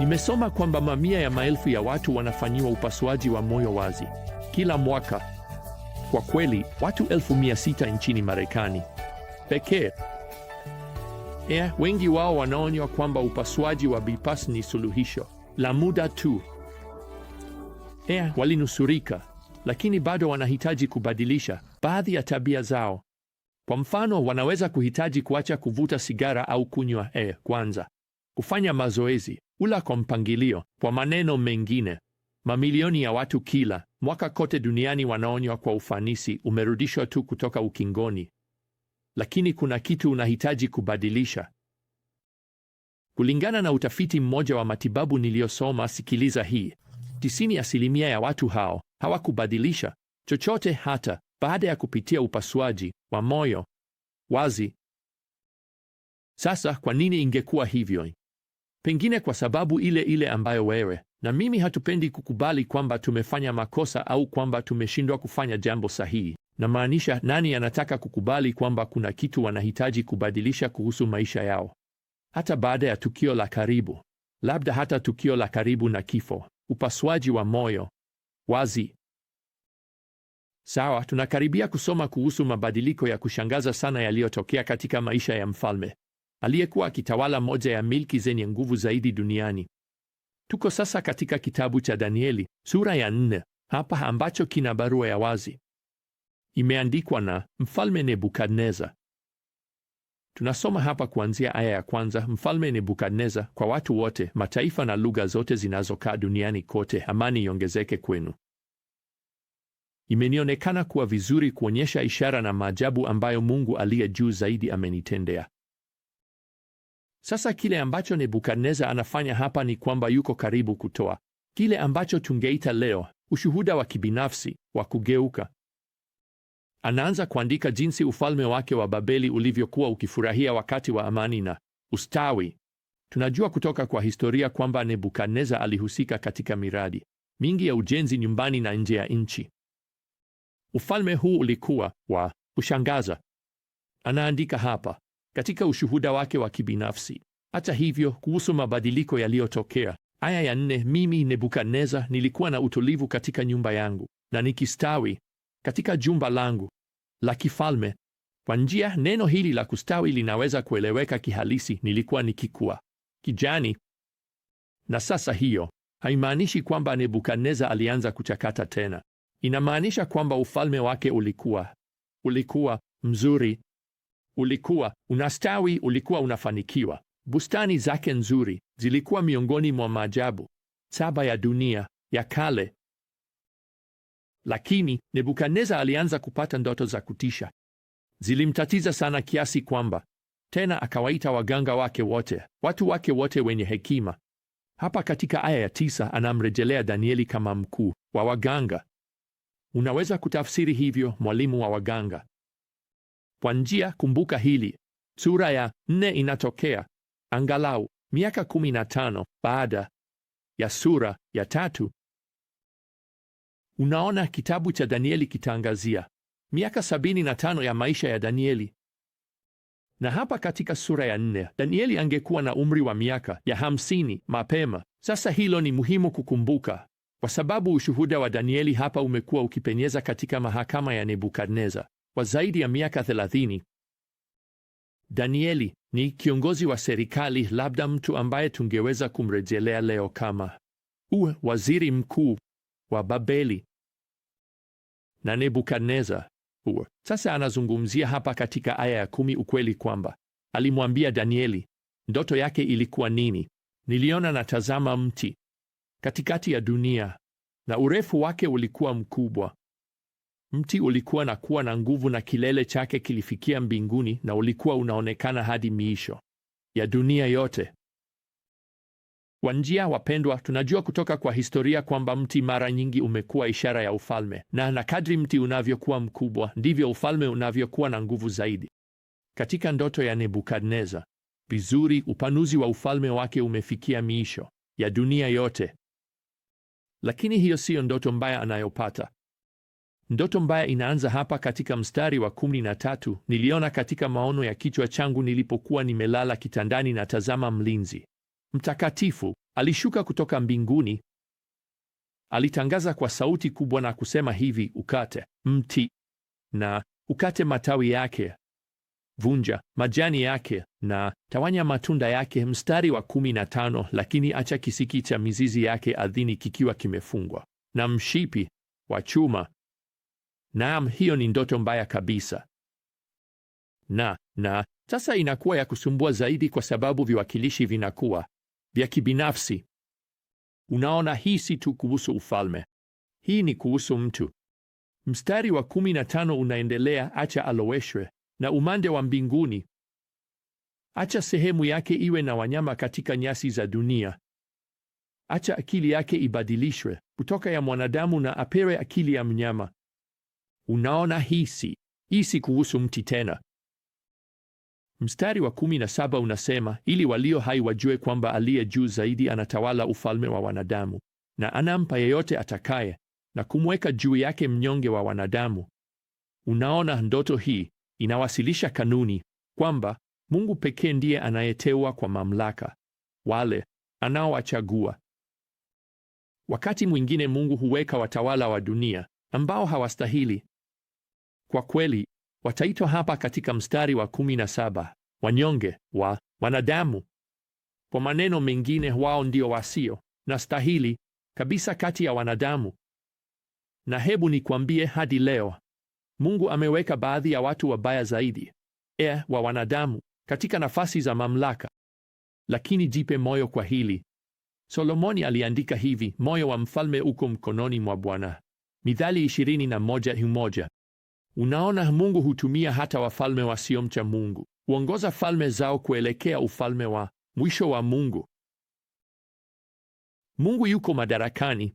Nimesoma kwamba mamia ya maelfu ya watu wanafanyiwa upasuaji wa moyo wazi kila mwaka. Kwa kweli, watu elfu mia sita nchini Marekani pekee. E, wengi wao wanaonywa kwamba upasuaji wa bypass ni suluhisho la muda tu. E, walinusurika, lakini bado wanahitaji kubadilisha baadhi ya tabia zao. Kwa mfano, wanaweza kuhitaji kuacha kuvuta sigara au kunywa e, kwanza kufanya mazoezi Kula kwa mpangilio. Kwa maneno mengine, mamilioni ya watu kila mwaka kote duniani wanaonywa kwa ufanisi, umerudishwa tu kutoka ukingoni. Lakini kuna kitu unahitaji kubadilisha. Kulingana na utafiti mmoja wa matibabu niliyosoma, sikiliza hii, tisini asilimia ya watu hao hawakubadilisha chochote hata baada ya kupitia upasuaji wa moyo wazi. Sasa kwa nini ingekuwa hivyo? pengine kwa sababu ile ile ambayo wewe na mimi hatupendi kukubali kwamba tumefanya makosa au kwamba tumeshindwa kufanya jambo sahihi. Na maanisha, nani anataka kukubali kwamba kuna kitu wanahitaji kubadilisha kuhusu maisha yao, hata baada ya tukio la karibu, labda hata tukio la karibu na kifo, upasuaji wa moyo wazi. Sawa, tunakaribia kusoma kuhusu mabadiliko ya kushangaza sana yaliyotokea katika maisha ya mfalme aliyekuwa akitawala moja ya milki zenye nguvu zaidi duniani. Tuko sasa katika kitabu cha Danieli sura ya nne hapa, ambacho kina barua ya wazi imeandikwa na mfalme Nebukadneza. Tunasoma hapa kuanzia aya ya kwanza. Mfalme Nebukadneza, kwa watu wote, mataifa na lugha zote zinazokaa duniani kote, amani iongezeke kwenu. Imenionekana kuwa vizuri kuonyesha ishara na maajabu ambayo Mungu aliye juu zaidi amenitendea sasa kile ambacho Nebukadneza anafanya hapa ni kwamba yuko karibu kutoa kile ambacho tungeita leo ushuhuda wa kibinafsi wa kugeuka. Anaanza kuandika jinsi ufalme wake wa Babeli ulivyokuwa ukifurahia wakati wa amani na ustawi. Tunajua kutoka kwa historia kwamba Nebukadneza alihusika katika miradi mingi ya ujenzi nyumbani na nje ya nchi. Ufalme huu ulikuwa wa kushangaza. Anaandika hapa katika ushuhuda wake wa kibinafsi. Hata hivyo, kuhusu mabadiliko yaliyotokea, aya ya nne, mimi Nebukadneza nilikuwa na utulivu katika nyumba yangu na nikistawi katika jumba langu la kifalme. Kwa njia, neno hili la kustawi linaweza kueleweka kihalisi. Nilikuwa nikikuwa kijani, na sasa hiyo haimaanishi kwamba Nebukadneza alianza kuchakata tena. Inamaanisha kwamba ufalme wake ulikuwa ulikuwa mzuri ulikuwa unastawi, ulikuwa unafanikiwa. Bustani zake nzuri zilikuwa miongoni mwa maajabu saba ya dunia ya kale. Lakini Nebukadneza alianza kupata ndoto za kutisha. Zilimtatiza sana kiasi kwamba tena akawaita waganga wake wote, watu wake wote wenye hekima. Hapa katika aya ya tisa anamrejelea Danieli kama mkuu wa waganga. Unaweza kutafsiri hivyo mwalimu wa waganga. Kwa njia, kumbuka hili, sura ya nne inatokea angalau miaka kumi na tano baada ya sura ya tatu. Unaona, kitabu cha Danieli kitaangazia miaka sabini na tano ya maisha ya Danieli, na hapa katika sura ya nne Danieli angekuwa na umri wa miaka ya hamsini mapema. Sasa hilo ni muhimu kukumbuka, kwa sababu ushuhuda wa Danieli hapa umekuwa ukipenyeza katika mahakama ya Nebukadneza kwa zaidi ya miaka thelathini. Danieli ni kiongozi wa serikali, labda mtu ambaye tungeweza kumrejelea leo kama u waziri mkuu wa Babeli na Nebukadneza huo. Sasa anazungumzia hapa katika aya ya kumi ukweli kwamba alimwambia Danieli ndoto yake ilikuwa nini. Niliona natazama mti katikati ya dunia na urefu wake ulikuwa mkubwa Mti ulikuwa na kuwa na nguvu na kilele chake kilifikia mbinguni na ulikuwa unaonekana hadi miisho ya dunia yote. Kwa njia, wapendwa, tunajua kutoka kwa historia kwamba mti mara nyingi umekuwa ishara ya ufalme, na na kadri mti unavyokuwa mkubwa ndivyo ufalme unavyokuwa na nguvu zaidi. Katika ndoto ya Nebukadneza vizuri, upanuzi wa ufalme wake umefikia miisho ya dunia yote. Lakini hiyo siyo ndoto mbaya anayopata. Ndoto mbaya inaanza hapa katika mstari wa kumi na tatu. Niliona katika maono ya kichwa changu nilipokuwa nimelala kitandani, na tazama, mlinzi mtakatifu alishuka kutoka mbinguni. Alitangaza kwa sauti kubwa na kusema hivi, ukate mti na ukate matawi yake, vunja majani yake na tawanya matunda yake. Mstari wa kumi na tano, lakini acha kisiki cha mizizi yake ardhini kikiwa kimefungwa na mshipi wa chuma Naam, hiyo ni ndoto mbaya kabisa. Na na sasa inakuwa ya kusumbua zaidi kwa sababu viwakilishi vinakuwa vya kibinafsi. Unaona, hii si tu kuhusu ufalme, hii ni kuhusu mtu. Mstari wa kumi na tano unaendelea, acha aloweshwe na umande wa mbinguni, acha sehemu yake iwe na wanyama katika nyasi za dunia, acha akili yake ibadilishwe kutoka ya mwanadamu na apewe akili ya mnyama unaona hisi hisi kuhusu mti tena. Mstari wa kumi na saba unasema ili walio hai wajue kwamba aliye juu zaidi anatawala ufalme wa wanadamu na anampa yeyote atakaye na kumweka juu yake mnyonge wa wanadamu. Unaona, ndoto hii inawasilisha kanuni kwamba Mungu pekee ndiye anayeteua kwa mamlaka wale anaowachagua. Wakati mwingine Mungu huweka watawala wa dunia ambao hawastahili kwa kweli wataitwa hapa katika mstari wa kumi na saba wanyonge wa wanadamu. Kwa maneno mengine, wao ndio wasio na stahili kabisa kati ya wanadamu. Na hebu nikwambie, hadi leo Mungu ameweka baadhi ya watu wabaya zaidi e wa wanadamu katika nafasi za mamlaka. Lakini jipe moyo kwa hili. Solomoni aliandika hivi, moyo wa mfalme uko mkononi mwa Bwana, Mithali moja. Unaona, Mungu hutumia hata wafalme wasiomcha Mungu kuongoza falme zao kuelekea ufalme wa mwisho wa Mungu. Mungu yuko madarakani.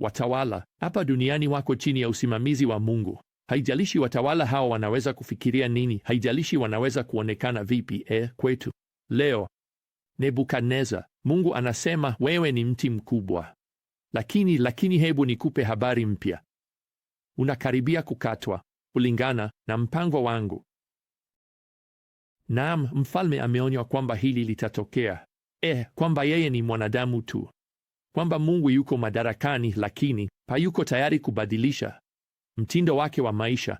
Watawala hapa duniani wako chini ya usimamizi wa Mungu. Haijalishi watawala hao wanaweza kufikiria nini, haijalishi wanaweza kuonekana vipi. E, kwetu leo Nebukadneza, Mungu anasema wewe ni mti mkubwa, lakini lakini hebu nikupe habari mpya unakaribia kukatwa kulingana na mpango wangu. Naam, mfalme ameonywa kwamba hili litatokea, eh, kwamba yeye ni mwanadamu tu, kwamba Mungu yuko madarakani, lakini hayuko tayari kubadilisha mtindo wake wa maisha.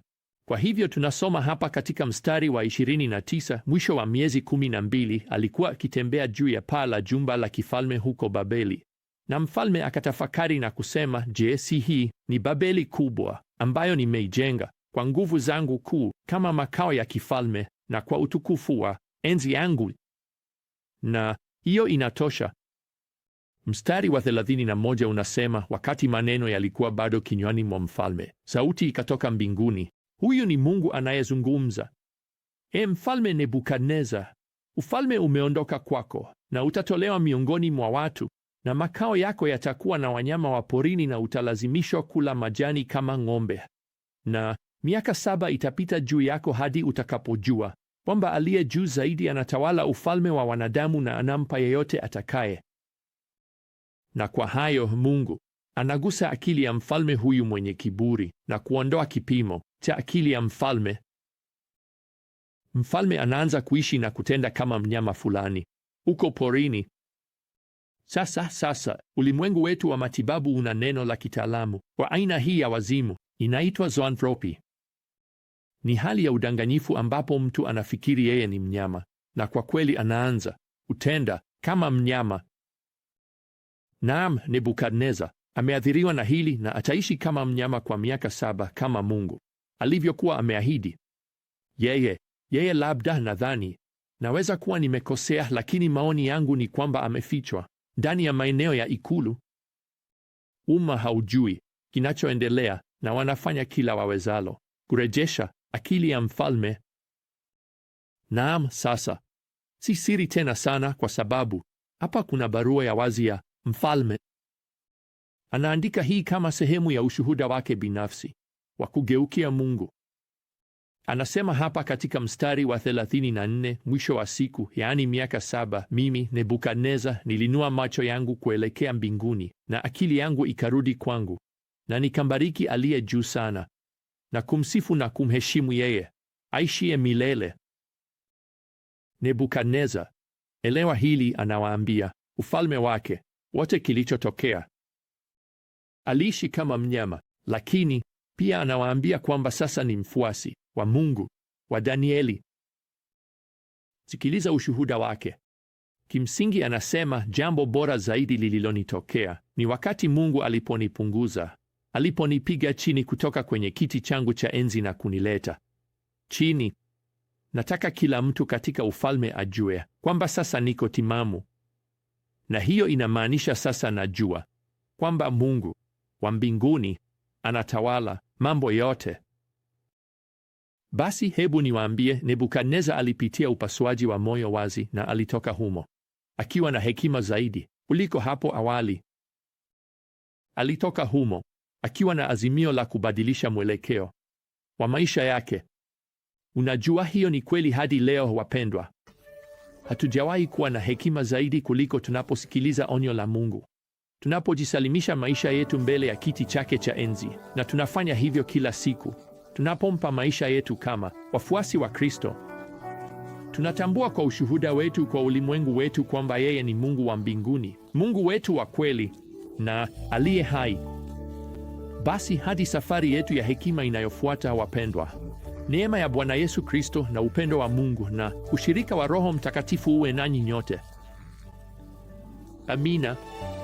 Kwa hivyo tunasoma hapa katika mstari wa 29, mwisho wa miezi 12 alikuwa akitembea juu ya paa la jumba la kifalme huko Babeli, na mfalme akatafakari na kusema, je, si hii ni Babeli kubwa ambayo nimeijenga kwa nguvu zangu kuu kama makao ya kifalme na kwa utukufu wa enzi yangu? Na hiyo inatosha. Mstari wa 31 unasema, wakati maneno yalikuwa bado kinywani mwa mfalme, sauti ikatoka mbinguni, huyu ni Mungu anayezungumza. E mfalme Nebukadneza, ufalme umeondoka kwako na utatolewa miongoni mwa watu na makao yako yatakuwa na wanyama wa porini, na utalazimishwa kula majani kama ng'ombe. Na miaka saba itapita juu yako hadi utakapojua kwamba aliye juu zaidi anatawala ufalme wa wanadamu na anampa yeyote atakaye. Na kwa hayo Mungu anagusa akili ya mfalme huyu mwenye kiburi na kuondoa kipimo cha akili ya mfalme. Mfalme anaanza kuishi na kutenda kama mnyama fulani uko porini. Sasa sasa ulimwengu wetu wa matibabu una neno la kitaalamu kwa aina hii ya wazimu, inaitwa zoanthropy. Ni hali ya udanganyifu ambapo mtu anafikiri yeye ni mnyama na kwa kweli anaanza utenda kama mnyama. Naam, Nebukadneza ameathiriwa na hili na ataishi kama mnyama kwa miaka saba kama Mungu alivyokuwa ameahidi. Yeye yeye labda, nadhani naweza kuwa nimekosea, lakini maoni yangu ni kwamba amefichwa ndani ya maeneo ya ikulu. Umma haujui kinachoendelea na wanafanya kila wawezalo kurejesha akili ya mfalme. Naam, sasa si siri tena sana, kwa sababu hapa kuna barua ya wazi ya mfalme. Anaandika hii kama sehemu ya ushuhuda wake binafsi wa kugeukia Mungu. Anasema hapa katika mstari wa 34, mwisho wa siku, yaani miaka saba, mimi Nebukadneza nilinua macho yangu kuelekea mbinguni, na akili yangu ikarudi kwangu, na nikambariki aliye juu sana, na kumsifu na kumheshimu yeye aishiye milele. Nebukadneza, elewa hili, anawaambia ufalme wake wote kilichotokea. Aliishi kama mnyama, lakini pia anawaambia kwamba sasa ni mfuasi wa Mungu wa Danieli. Sikiliza ushuhuda wake. Kimsingi anasema jambo bora zaidi lililonitokea ni wakati Mungu aliponipunguza, aliponipiga chini kutoka kwenye kiti changu cha enzi na kunileta chini. Nataka kila mtu katika ufalme ajue kwamba sasa niko timamu, na hiyo inamaanisha sasa najua kwamba Mungu wa mbinguni anatawala mambo yote. Basi hebu niwaambie, Nebukadneza alipitia upasuaji wa moyo wazi, na alitoka humo akiwa na hekima zaidi kuliko hapo awali. Alitoka humo akiwa na azimio la kubadilisha mwelekeo wa maisha yake. Unajua, hiyo ni kweli hadi leo wapendwa. Hatujawahi kuwa na hekima zaidi kuliko tunaposikiliza onyo la Mungu, tunapojisalimisha maisha yetu mbele ya kiti chake cha enzi, na tunafanya hivyo kila siku tunapompa maisha yetu kama wafuasi wa Kristo, tunatambua kwa ushuhuda wetu kwa ulimwengu wetu kwamba yeye ni Mungu wa mbinguni, Mungu wetu wa kweli na aliye hai. Basi hadi safari yetu ya hekima inayofuata, wapendwa, neema ya Bwana Yesu Kristo na upendo wa Mungu na ushirika wa Roho Mtakatifu uwe nanyi nyote. Amina.